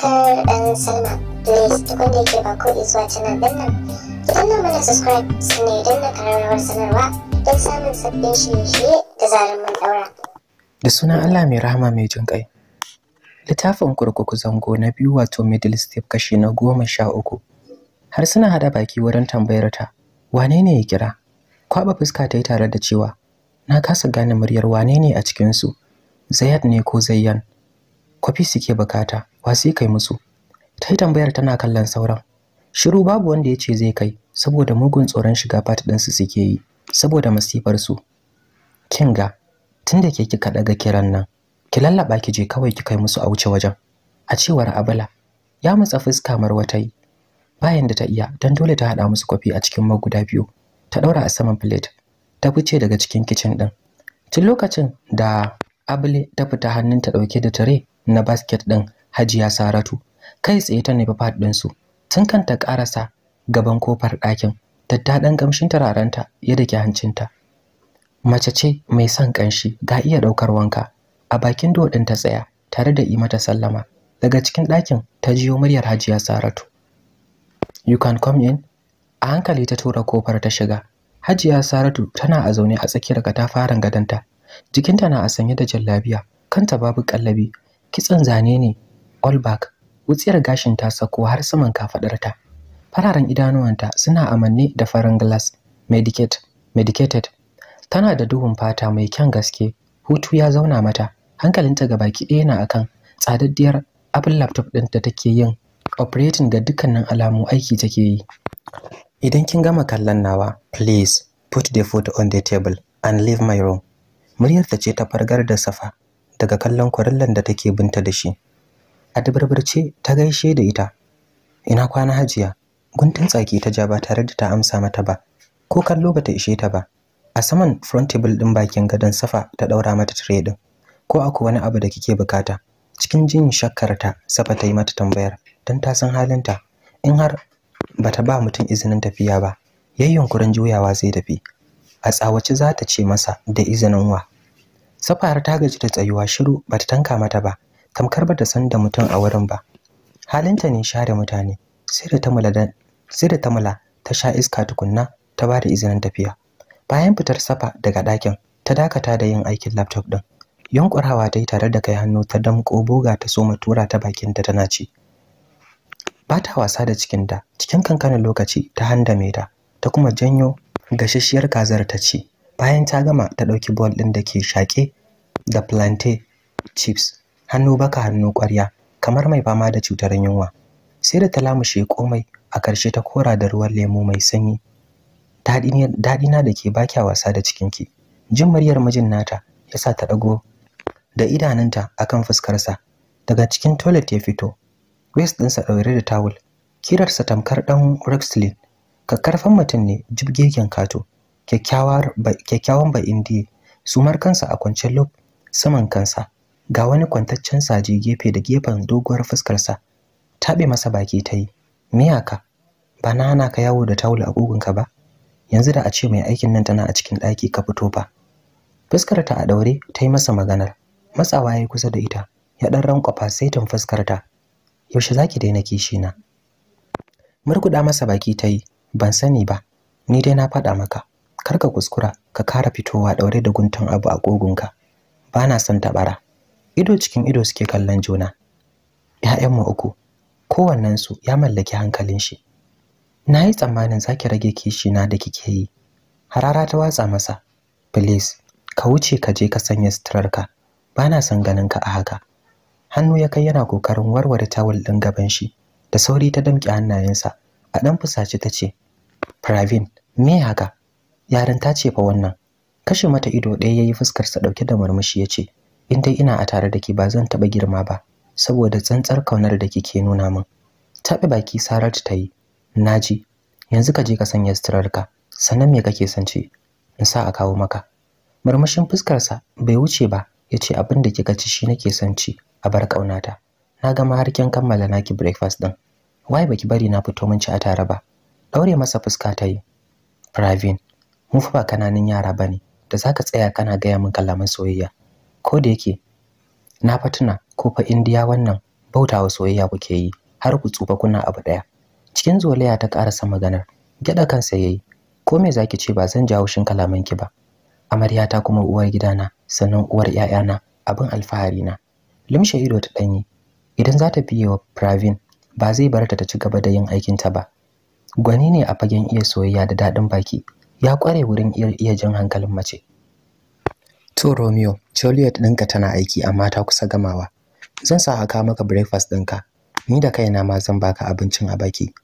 subscribe and sign up. Please tukun da yake ba ko zuwa canal din nan. Ki danna mana subscribe sannan idan na kararrawar sanarwa don samun sabbin shirye-shirye da zarar mun daura. Da sunan Allah mai rahama mai jin ƙai. Littafin kurkuku zango na biyu wato middle step kashi na goma sha uku. Har suna hada baki wurin tambayar ta, wane ne ya kira? Kwaba fuska ta yi tare da cewa, na kasa gane muryar wane ne a cikinsu, Zayat ne ko Zayyan? Kwafi suke bukata. wasi kai musu ta yi tambayar tana kallon sauran shiru babu wanda ya ce zai kai saboda mugun tsoron shiga ɗin su suke yi saboda masifar su kinga tunda ke kika ɗaga kiran nan ki lallaba ki je kawai ki kai musu a wuce wajen a cewar abala ya matsa fuska Yi. bayan da ta iya dan dole ta hada musu kwafi a cikin maguda biyu ta daura a saman plate ta fice daga cikin kicin ɗin tun lokacin da abule ta fita hannunta dauke da tare na basket ɗin Hajiya Saratu kai tsaye ta nufi fat su tun kan ta ƙarasa gaban kofar ɗakin daddaɗan ƙamshin turarenta ya dake hancinta mace ce mai son ƙanshi ga iya ɗaukar wanka a bakin doɗin ta tsaya tare da imata sallama daga cikin ɗakin ta jiyo muryar Hajiya Saratu you can come in a hankali ta tura kofar ta shiga Hajiya Saratu tana a zaune a tsakiyar katafaren gadonta jikinta na a sanye da jallabiya kanta babu kallabi kitsan zane ne all back wutsiyar gashin ta sako har saman kafaɗarta. fararen idanuwanta suna amanne da farin glass medicate medicated tana da duhun fata mai kyan gaske hutu ya zauna mata hankalinta ga baki ɗaya na akan tsadaddiyar abin laptop ɗin da take yin operating ga dukkanin alamu aiki take yi idan kin gama kallon nawa please put the food on the table and leave my room muryarta ce ta fargar da safa daga kallon kwarillan da take binta da shi a dabarbarce ta gaishe da ita ina kwana hajiya guntun tsaki ta ja ba tare da ta amsa mata ba ko kallo bata ishe ta ba a saman front table din bakin gadon safa ta daura mata tire din ko akwai wani abu da kike bukata cikin jin shakkar ta safa ta yi mata tambayar dan ta san halinta in har bata ba mutum izinin tafiya ba yayin yunkurin juyawa zai tafi a tsawace za ta ce masa da izinin wa safar ta gaji da tsayuwa shiru bata tanka mata ba tamkar bata san da mutum a wurin ba halinta ne share mutane sai da tamala sai ta sha iska tukunna ta ba da izinin tafiya bayan fitar safa daga ɗakin ta dakata da yin aikin laptop ɗin yunkurawa ta yi tare da kai hannu ta damƙo boga ta soma tura ta bakin ta tana ci ba ta wasa da cikinta cikin kankanin lokaci ta handame da ta kuma janyo gasasshiyar kazar ta ci bayan ta gama ta ɗauki bol ɗin da ke shaƙe da plantain chips hannu baka hannu ƙwarya kamar mai fama da cutar yunwa sai da ta lamushe komai a ƙarshe ta kora da ruwan lemo mai sanyi daɗina da ke kya wasa da cikinki jin muryar mijin nata ya sa ta ɗago da idanunta a kan fuskarsa daga cikin toilet ya fito waist ɗinsa ɗaure da tawul kirarsa tamkar ɗan rexlin kakkarfan mutum ne girgin kato kyakkyawan ba indiya sumar kansa a kwance lob saman kansa ga wani kwantaccen saje gefe da gefen doguwar fuskarsa taɓe masa baki ta yi miyaka ba na hana ka yawo da taula a ƙugunka ba yanzu da a ce mai aikin nan tana a cikin ɗaki ka fito fuskar fuskarta a daure ta yi masa maganar matsawa ya kusa da ita ya ɗan rankwafa saitin fuskarta yaushe za ki daina kishi na murkuɗa masa baki ta yi ban sani ba ni dai na faɗa maka kar ka kuskura ka kara fitowa ɗaure da guntun abu a ƙugunka ba na son taɓara ido cikin ido suke kallon juna ‘ya'yanmu uku kowannensu ya mallaki hankalin shi na yi tsammanin za ki rage na da kike yi harara ta watsa masa please ka wuce ka je ka sanya suturarka ba na son ganin a haka hannu ya kai yana kokarin warware tawul ɗin gaban shi da sauri ta damƙe hannayensa a ɗan fusace ta ce pravin me haka yarin ta ce fa wannan kashe mata ido ɗaya ya yi fuskarsa ɗauke da murmushi ya ce in dai ina a tare da ke ba zan taɓa girma ba saboda tsantsar kaunar da kike nuna min Taɓa baki saratu ta yi naji yanzu ka je ka sanya suturarka sannan me kake son ce in sa a kawo maka murmushin fuskarsa bai wuce ba ya ce abin da kika ci shi nake son ci a bar ƙaunata na gama har kin kammala naki breakfast din wai baki bari na fito mun ci a tare ba daure masa fuska ta yi Pravin mu fa ba kananan yara ba ne. da zaka tsaya kana gaya min kalaman soyayya ko da yake na fatuna ko fa indiya wannan bautawa soyayya kuke yi har ku tsufa kuna abu daya cikin zolaya ta karasa maganar gyada kansa yayi ko me zaki ce ba zan jawo shin kalaman ki ba ta kuma uwar gidana sannan uwar 'ya'yana, abin alfahari na limshe ido ta danyi idan za ta biye wa Pravin ba zai bar ta ta ci gaba da yin aikin ta ba gwani ne a fagen iya soyayya da dadin baki ya kware wurin iya jan hankalin mace To Romeo, Juliet ɗinka tana aiki amma ta kusa gamawa. Zan sa haka maka breakfast ɗinka. Ni da kaina ma zan baka abincin a baki.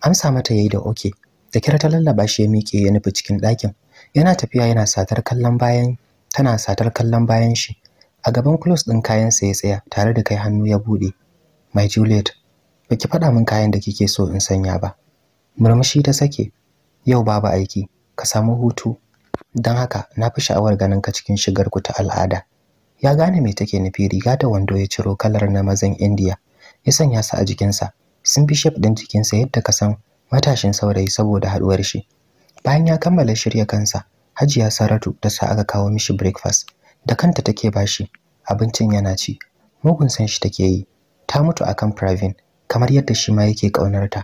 Amsa mata yayi da oke. Da kira ta lallaba shi ya miƙe ya nufi cikin ɗakin. Yana tafiya yana satar kallon bayan tana satar kallon bayan shi. A gaban close ɗin kayansa ya tsaya tare da kai hannu ya buɗe. Mai Juliet, baki faɗa min kayan da kike so in sanya ba. Murmushi ta sake. Yau babu aiki, ka samu hutu. don haka na fi sha'awar ganin ka cikin shigar ku ta al'ada ya gane me take nufi riga da wando ya ciro kalar na mazan indiya ya sanya su a jikinsa sun bi shef ɗin jikinsa yadda ka san matashin saurayi saboda haɗuwar shi bayan ya kammala shirya kansa hajiya saratu ta sa aka kawo mishi breakfast da kanta take bashi abincin yana ci mugun san shi take yi ta mutu akan Pravin kamar yadda shi ma yake ƙaunarta.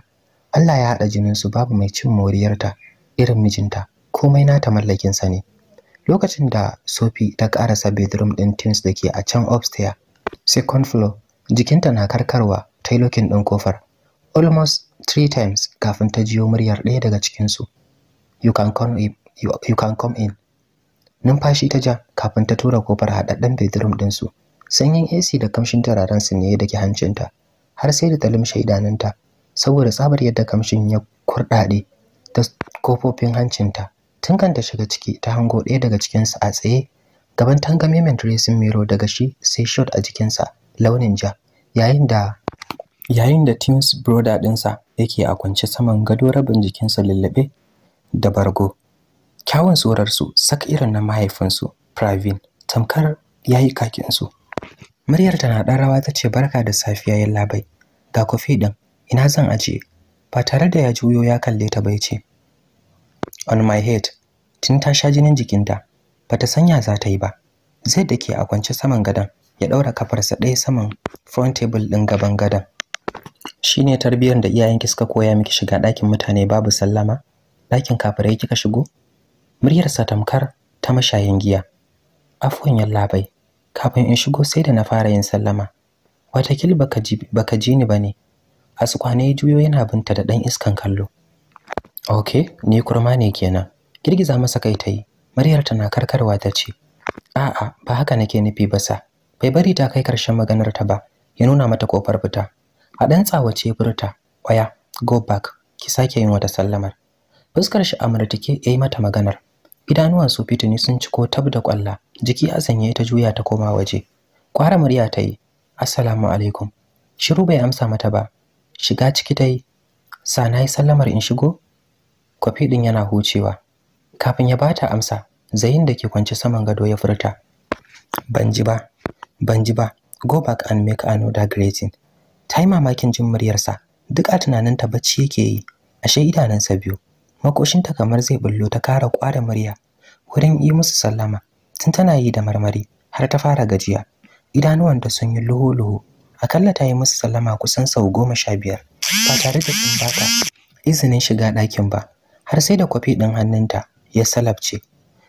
Allah ya haɗa jinin su babu mai cin moriyarta irin mijinta komai nata mallakin sa ne lokacin da Sophie ta karasa bedroom din Teams ke a can upstairs second floor jikinta na karkarwa ta yi lokin ɗin kofar almost three times kafin ta jiyo muryar ɗaya daga cikinsu you can come in, you, can come in. numfashi ta ja kafin ta tura kofar haɗaɗɗen bedroom ɗinsu sanyin AC da kamshin turaren su ne da ke hancinta har sai da ta limshe idanunta saboda tsabar yadda kamshin ya kurɗaɗe ta kofofin hancinta tun Kanta shiga ciki ta hango ɗaya daga cikinsa a tsaye gaban tangame mai dressing mirror daga shi sai shot a jikinsa launin ja yayin da yayin da Tim's brother ɗinsa yake a kwance saman gado rabin jikinsa lullube da bargo kyawun tsorarsu sak irin na mahaifinsu Pravin tamkar yayi kakinsu muryar tana ɗan rawa ta ce barka da safiya labai, ga kofi ɗin ina zan aje ba tare da ya juyo ya kalle ta bai ce on my head tun ta sha jinin jikinta Ba ta sanya za ta yi ba zai da ke a kwance saman gadon ya ɗaura kafarsa ɗaya saman front table ɗin gaban gadon Shi ne tarbiyyar da iyayenki suka koya miki shiga ɗakin mutane babu sallama ɗakin kafirai kika shigo muryarsa tamkar ta mashayin giya yalla yallabai kafin in shigo sai da na fara yin sallama watakil baka ji ni ne ne. su asukwane juyo yana binta da ɗan iskan kallo oke ni kurma ne kenan. Girgiza masa kai ta yi. Maryar tana karkarwa ta ce, A'a, ba haka nake nufi ba sa. Bai bari ta kai karshen maganar ta ba, ya nuna mata kofar fita. A ɗan tsawace furta, waya, go back, ki sake yin wata sallamar. Fuskar shi amurtike ya mata maganar. Idanuwan su fitini sun ci ko tab da kwalla, jiki a sanye ta juya ta koma waje. Kwara murya ta yi, Assalamu alaikum. Shiru bai amsa mata ba. Shiga ciki ta yi, sa na yi sallamar in shigo? kwafi ɗin yana hucewa kafin ya bata amsa zayin da ke kwance saman gado ya furta ban ji ba ban ji ba go back and make another greeting ta mamakin jin muryarsa duk a tunaninta bacci yake yi ashe idanunsa biyu makoshinta kamar zai bullo ta kara kwara murya wurin yi musu sallama tun tana yi da marmari har ta fara gajiya Idanuwan da sun yi luhu-luhu akalla ta yi musu sallama kusan sau goma sha biyar ba tare da sun baka izinin shiga ɗakin ba har sai da kwafi ɗin hannunta ya salabce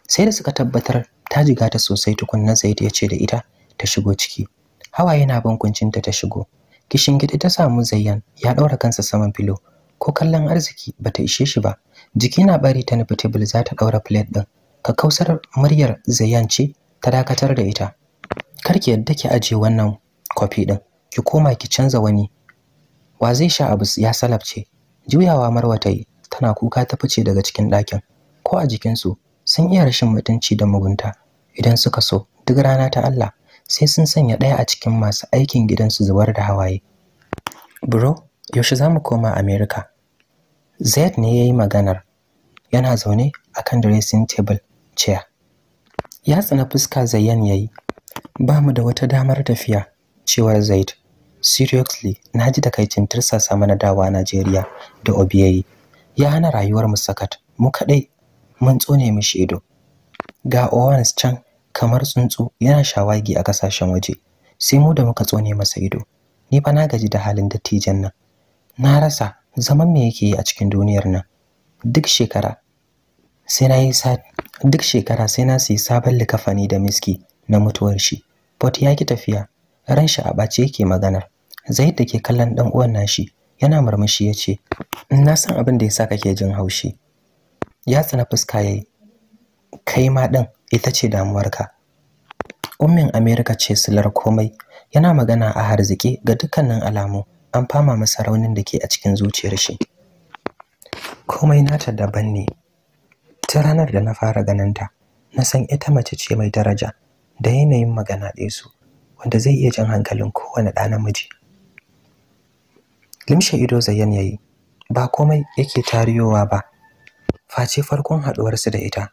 sai da suka tabbatar ta jiga ta sosai tukunna zaid ya ce da ita ta shigo ciki hawa yana bin kuncinta ta shigo kishin gidi ta samu zayyan ya ɗaura kansa saman filo ko kallon arziki bata ishe shi ba jiki na bari ta nufi tebul za ta ɗaura filet ɗin Ka kausar muryar zayyan ce ta dakatar da ita Kar ki yadda ki aje wannan kwafi ɗin ki koma ki canza wani wa zai sha abu ya salabce juyawa marwa yi tana kuka ta fice daga cikin ɗakin ko a jikinsu sun iya rashin mutunci da mugunta idan suka so duk rana ta Allah sai sun sanya ɗaya a cikin masu aikin gidansu zubar da hawaye bro yaushe za mu koma america zaid ne ya yi maganar yana zaune a kan dressing table chair ya tsina fuska zayyan ya yi ba mu da wata damar tafiya cewar zaid seriously na ji takaicin tursasa mana dawa najeriya da obiyayi ya hana rayuwar mu sakat mu kadai mun tsone mishi ido ga Owens can kamar tsuntsu yana shawagi a kasashen waje sai mu da muka tsone masa ido ni fa na gaji da halin dattijan nan na rasa zaman me yake yi a cikin duniyar nan duk shekara sai na yi duk shekara sai na sai sabon likafani da miski na mutuwar shi but ya ki tafiya ran shi a bace yake maganar zaid da ke kallon dan uwan nashi yana murmushi ya ce na san abin da ya sa kake jin haushi ya tsana fuska yayi kai ma ɗin ita ce damuwar ka. ummin america ce silar komai yana magana a harzike ga dukkanin alamu an fama masa raunin da ke a cikin zuciyar shi komai nata daban ne ta ranar da na fara ganinta na san ita mace ce mai daraja da yanayin magana ɗaya su wanda zai iya jan hankalin kowane ɗa namiji limshe ido zayyan yayi ba komai yake tariyowa ba face farkon su da ita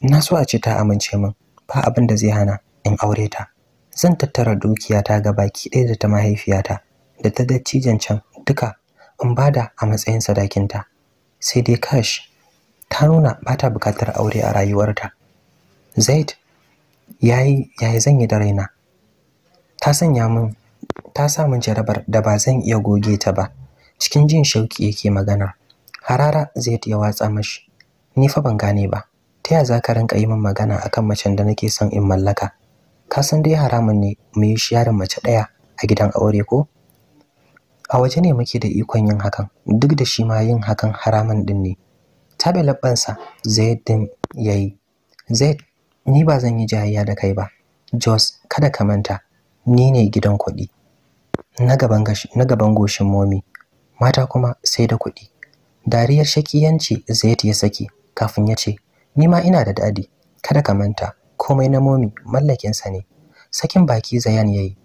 ina so a ce ta amince min ba abin da zai hana in aure ta zan tattara dukiyata ga baki ɗaya da ta mahaifiyata da ta dattijan can duka in bada a matsayin sadakinta sai dai kash ta nuna ba ta bukatar aure a rayuwarta zaid yayi yayi zan yi da raina ta sanya min ta samun jarabar da ba zan iya goge ta ba cikin jin shauki yake magana. harara zai ya watsa mashi ni fa ban gane ba ta yaya za ka rinka yi min magana akan macen da nake son in mallaka ka san dai haramun ne mu yi shiyarin mace ɗaya a gidan aure ko a waje ne muke da ikon yin hakan duk da shi ma yin hakan haramun din ne tabe labbansa zai din yayi zaid ni ba zan yi jayayya da kai ba jos kada ka manta ni ne gidan kuɗi na gaban goshin momi mata kuma sai da kuɗi dariyar shakiyanci Zaid ya saki kafin ya ce ni ma ina da dadi kada ka manta komai na momi mallakinsa ne sakin baki zayan yi.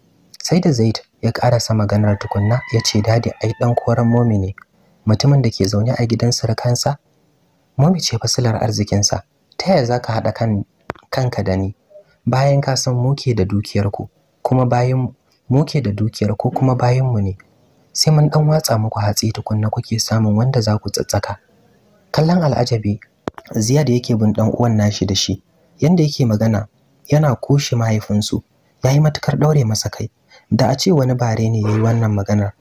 sai da zait ya ƙarasa maganar tukunna ya ce dadi ai ɗan koran momi ne mutumin da ke zaune a gidan sarkansa momi ce fasilar arzikinsa ta yaya za ka haɗa kanka da ni bayan ka san muke da dukiyarku kuma bayan Muke da dukiyar ko kuma bayanmu ne sai mun dan watsa muku hatsi kunna kuke samun wanda za ku tsatsaka kallon al'ajabi ziyad yake bin dan uwan nashi da shi yanda yake magana yana kushe mahaifinsu ya yi matukar daure masa kai da a ce wani bare ne ya yi wannan maganar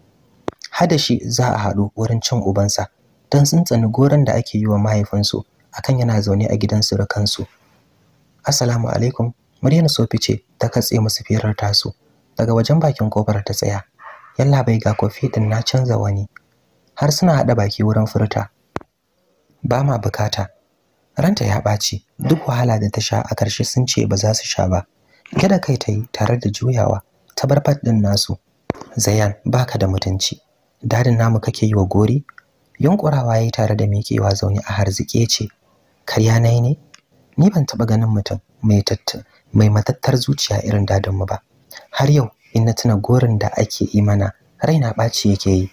hada shi za a haɗu wurin cin ubansa don tsani goron da ake yi wa mahaifinsu akan yana zaune a gidan kansu. assalamu alaikum Maryam Sofi ce ta katse musu firar tasu. daga wajen bakin kofar ta tsaya yalla bai ga kofi din na canza wani har suna hada baki wurin furta ba ma bukata ranta ya ɓaci duk wahala da ta sha a ƙarshe sun ce ba za su sha ba gida kai ta yi tare da juyawa ta bar fat din nasu zayan baka da mutunci dadin namu kake yi wa gori yunkurawa yayi tare da miƙewa zaune a harzike ce karya nayi ne ni ban taɓa ganin mutum mai mai matattar zuciya irin dadinmu ba har yau in na tuna gorin da ake yi mana raina ɓaci yake yi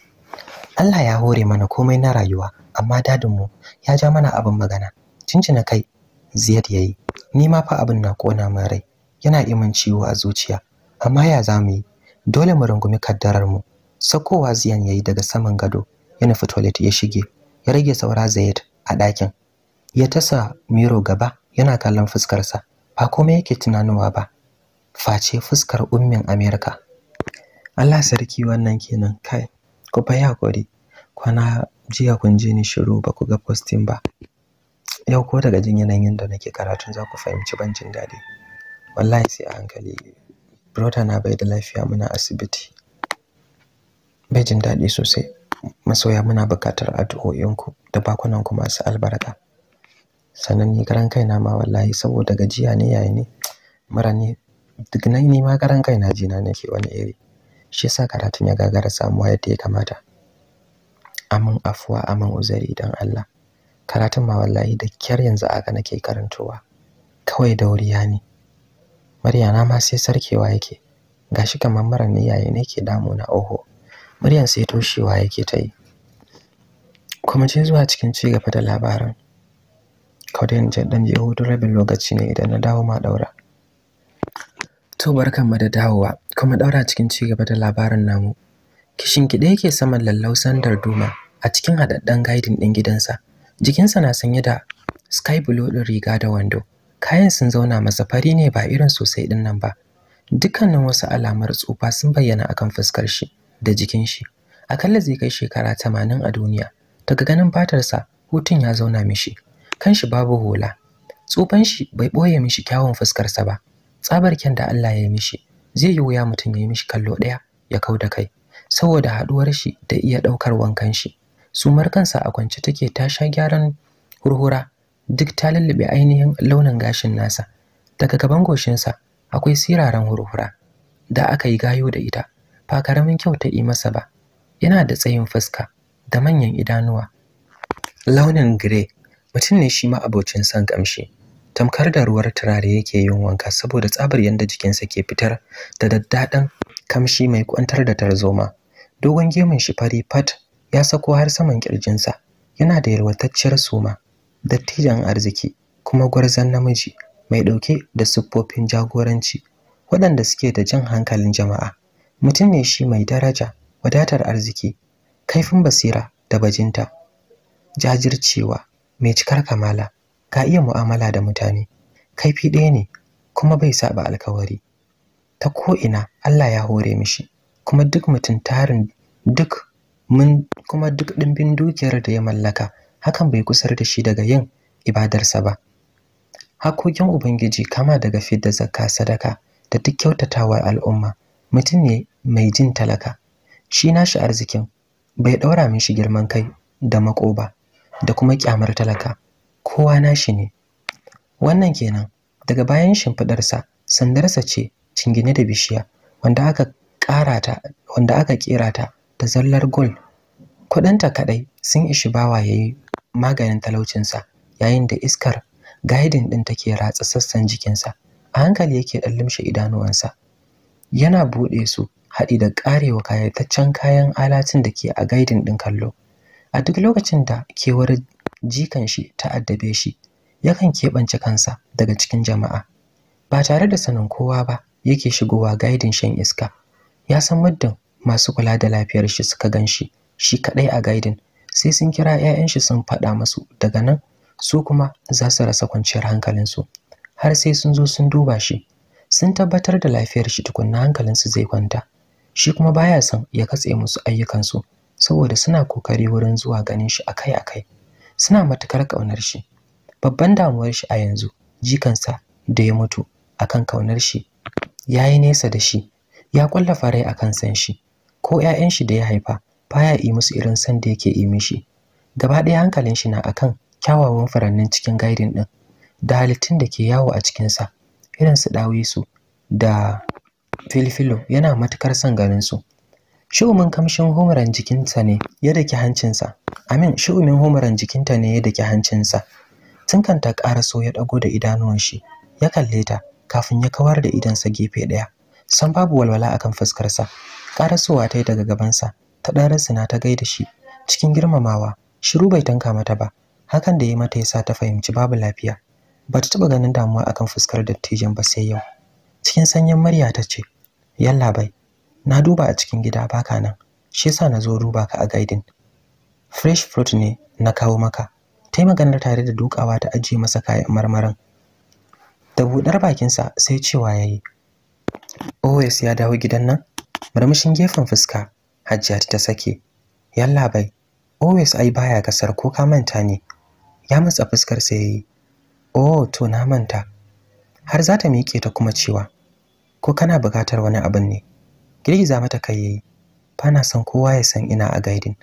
Allah ya hore mana komai na rayuwa amma dadinmu ya ja mana abin magana cincina kai ziyad yi, ni ma fa abin na kona min rai yana iman ciwo a zuciya amma ya za mu yi dole mu rungumi kaddarar mu sakowa ziyan yi daga saman gado ya nufi toilet ya shige ya rage saura zayed a ɗakin ya tasa miro gaba yana kallon fuskarsa ba komai yake tunanuwa ba face fuskar ummin Amerika. Allah sarki wannan kenan kai ku fa hakuri kwana jiya kun je ni shiru ba ku ga posting ba yau ko daga jin yanayin da nake karatu, za ku fahimci bancin daɗi wallahi sai a hankali brota na bai da lafiya muna asibiti bai jin daɗi sosai masoya muna buƙatar addu'o'inku da ku masu albarka sannan ni karan kaina ma wallahi saboda gajiya ne yayi ne mura ne duk nan ni ma karan kai na ji na nake wani iri shi yasa karatun ya gagara samuwa yadda ya kamata amin afuwa amin uzari dan Allah karatun ma wallahi da kyar yanzu aka nake karantowa kawai da dauriya ne na ma sai sarkewa yake gashi kamar mara niyaye nake damu na oho Muryan sai toshewa yake ta yi kuma je zuwa cikin ci gaba da labarin kawai dan je hutu rabin lokaci ne idan na dawo ma daura To mu da dawowa kuma ɗaura cikin ci gaba da labarin namu. Kishin kiɗe yake saman lallausan darduma a cikin haɗaɗɗen gaidin ɗin gidansa. Jikinsa na sanye da sky blue ɗin riga da wando. Kayan sun zauna masa fari ne ba irin sosai ɗin nan ba. Dukkanin wasu alamar tsufa sun bayyana akan fuskar shi da jikin shi. Akalla zai kai shekara tamanin a duniya. Daga ganin fatarsa hutun ya zauna mishi. Kanshi babu hula. Tsufan shi bai ɓoye mishi kyawun fuskarsa ba. tsabar kyan da Allah ya yi mishi zai yi wuya mutum ya yi mishi kallo ɗaya ya kau da kai saboda haɗuwar shi da iya ɗaukar wankan shi sumar kansa a kwance take ta sha gyaran hurhura duk ta lullube ainihin launin gashin nasa daga gaban goshinsa akwai siraran hurhura da aka yi gayo da ita ba karamin kyau ta yi masa ba yana da tsayin fuska da manyan idanuwa launin Gray mutum ne shi ma abocin son kamshi tamkar da ruwar turare yake yin wanka saboda tsabar yanda jikinsa ke fitar da daddaɗan kamshi mai kwantar da tarzoma dogon gemun shi fari fat ya sako har saman kirjinsa yana da yalwatacciyar suma dattijan arziki kuma gwarzon namiji mai ɗauke da siffofin jagoranci waɗanda suke da jan hankalin jama'a mutum ne shi mai daraja wadatar arziki kaifin basira da bajinta jajircewa mai cikar kamala ka iya mu'amala da mutane kaifi ɗaya ne kuma bai saba alkawari ta ko ina Allah ya hore mishi kuma duk mutum tarin duk mun kuma duk ɗimbin dukiyar da ya mallaka hakan bai kusar da shi daga yin ibadarsa ba hakokin ubangiji kama daga fidda zakka sadaka da duk kyautatawar al'umma mutum ne mai jin talaka shi nashi arzikin bai ɗaura mishi girman kai da makoba da kuma kyamar talaka kowa nashi ne wannan kenan daga bayan shimfidarsa sandarsa ce cingine da bishiya wanda aka ƙerata kera ta da zallar gol kudanta kadai sun ishi bawa yayi maganin talaucinsa yayin da iskar gaidin din take ratsa sassan jikinsa a hankali yake dan idanuwansa yana bude su haɗi da ƙarewa kayataccen kayan alatin da ke a gaidin ɗin kallo a duk lokacin da kewar jikan shi ta addabe shi yakan keɓance kansa daga cikin jama'a ba tare da sanin kowa ba yake shigowa gaidin shan iska ya san muddin masu kula da lafiyar shi suka gan shi shi kaɗai a gaidin sai sun kira 'ya'yan shi sun faɗa musu daga nan su kuma za su rasa kwanciyar hankalinsu har sai sun zo sun duba shi sun tabbatar da lafiyar shi tukunna hankalinsu zai kwanta shi kuma baya son ya katse musu ayyukansu saboda suna kokari wurin zuwa ganin shi akai-akai suna matukar ƙaunar shi babban damuwar shi a yanzu jikansa da ya mutu akan kaunar shi ya yi nesa da shi ya kwalla farai akan san shi ko 'ya'yan shi da ya haifa baya yi musu irin san da yake yi mishi gaba ɗaya hankalin shi na akan kyawawan furannin cikin gaidin ɗin da halittun da ke yawo a cikin sa irin su ɗawisu da filfilo yana matukar son ganin su Shu'umin kamshin homaran jikinta ne ya daki hancinsa. Amin, shu'umin homaran jikinta ne ya daki hancinsa. Tunkan ta so ya ɗago da idanuwan shi, ya kalle ta kafin ya kawar da idansa gefe ɗaya. San babu walwala akan fuskarsa. Ƙarasowa ta yi daga gabansa, ta ɗan na ta gaida shi. Cikin girmamawa, shiru bai tanka mata ba. Hakan da ya mata ya sa ta fahimci babu lafiya. Ba ta taɓa ganin damuwa akan fuskar dattijan ba sai yau. Cikin sanyin murya ta ce, Yalla bai, na duba a cikin gida baka nan shi yasa na zo duba ka a gaidin fresh fruit ne na kawo maka ta yi maganar tare da dukawa ta ajiye masa kayan marmarin da buɗar bakinsa sai cewa ya yi oh, ya dawo gidan nan murmushin gefen fuska hajjati ta sake yalla bai oh, ai baya kasar ko ka manta ne ya matsa fuskar sa yayi oh to na manta har za ta miƙe ta kuma cewa ko kana buƙatar wani abin ne girgiza mata kai yayi na son kowa ya san ina a gaidin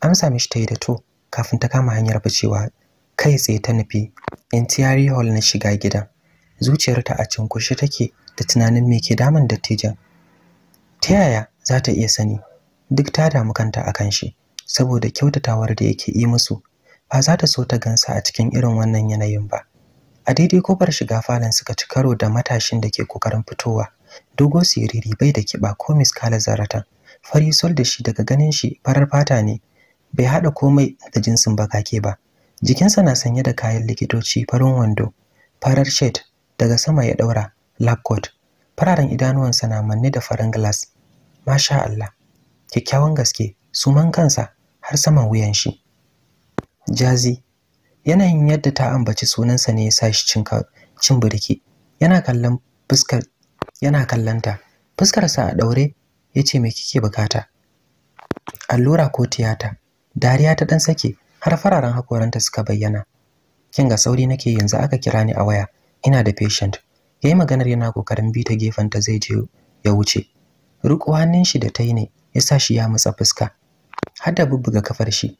amsa mishi ta yi da to kafin ta kama hanyar bacewa kai tsaye ta nufi entry hall na shiga gidan zuciyarta a cinkushe take da tunanin me ke damun dattijan ta yaya za ta iya sani duk ta damu kanta a kan shi saboda kyautatawar da yake yi musu ba za ta so ta gansa a cikin irin wannan yanayin ba a daidai kofar shiga falon suka ci karo da matashin da ke kokarin fitowa Dogon siriri bai da kiba ko miskala zaratan fari sol da shi daga ganin shi farar fata ne bai hada komai da jinsin bakake ba jikinsa na sanye da kayan likitoci farin wando farar shade, daga sama ya daura lab coat fararen idanuwansa na manne da farin glass masha Allah kyakkyawan gaske suman kansa har saman wuyan shi jazi yanayin yadda ta ambaci sunansa ne ya sa shi cin birki yana kallon fuskar yana kallanta fuskarsa a daure ya ce me kike bukata allura ko tiyata dariya ta dan sake har fararen hakoranta suka bayyana kin ga sauri nake yanzu aka kira ni a waya ina da patient yayi maganar yana kokarin bi ta gefen ta zai je ya wuce ruku hannun shi da tai ne ya sa shi ya matsa fuska har da bubbuga kafar shi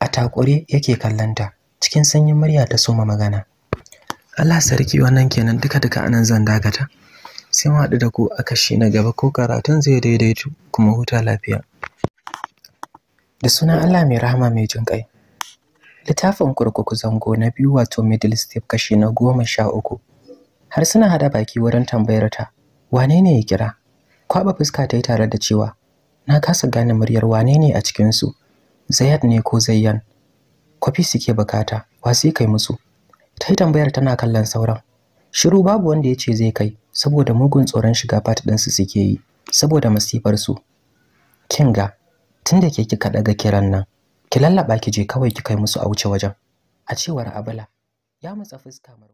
a takure yake kallanta cikin sanyin murya ta soma magana Allah sarki wannan kenan duka duka anan zan dagata. sai mu haɗu da ku a kashi na gaba ko karatun zai daidaitu kuma huta lafiya da suna Allah mai rahama mai jin kai littafin kurkuku zango na biyu wato middle step kashi na goma sha uku har suna hada baki wurin tambayar ta wane ne ya kira kwaɓa fuska ta yi tare da cewa na kasa gane muryar wane ne a cikinsu zayat ne ko zayyan kwafi suke bukata wasi kai musu ta yi tambayar tana kallon sauran shiru babu wanda ya ce zai kai saboda mugun tsoron shiga fat ɗinsu suke yi saboda masifar su kin ga tunda ke kika daga kiran nan ki lallaba ki je kawai ki kai musu a wuce wajen a cewar abala ya matsa fuska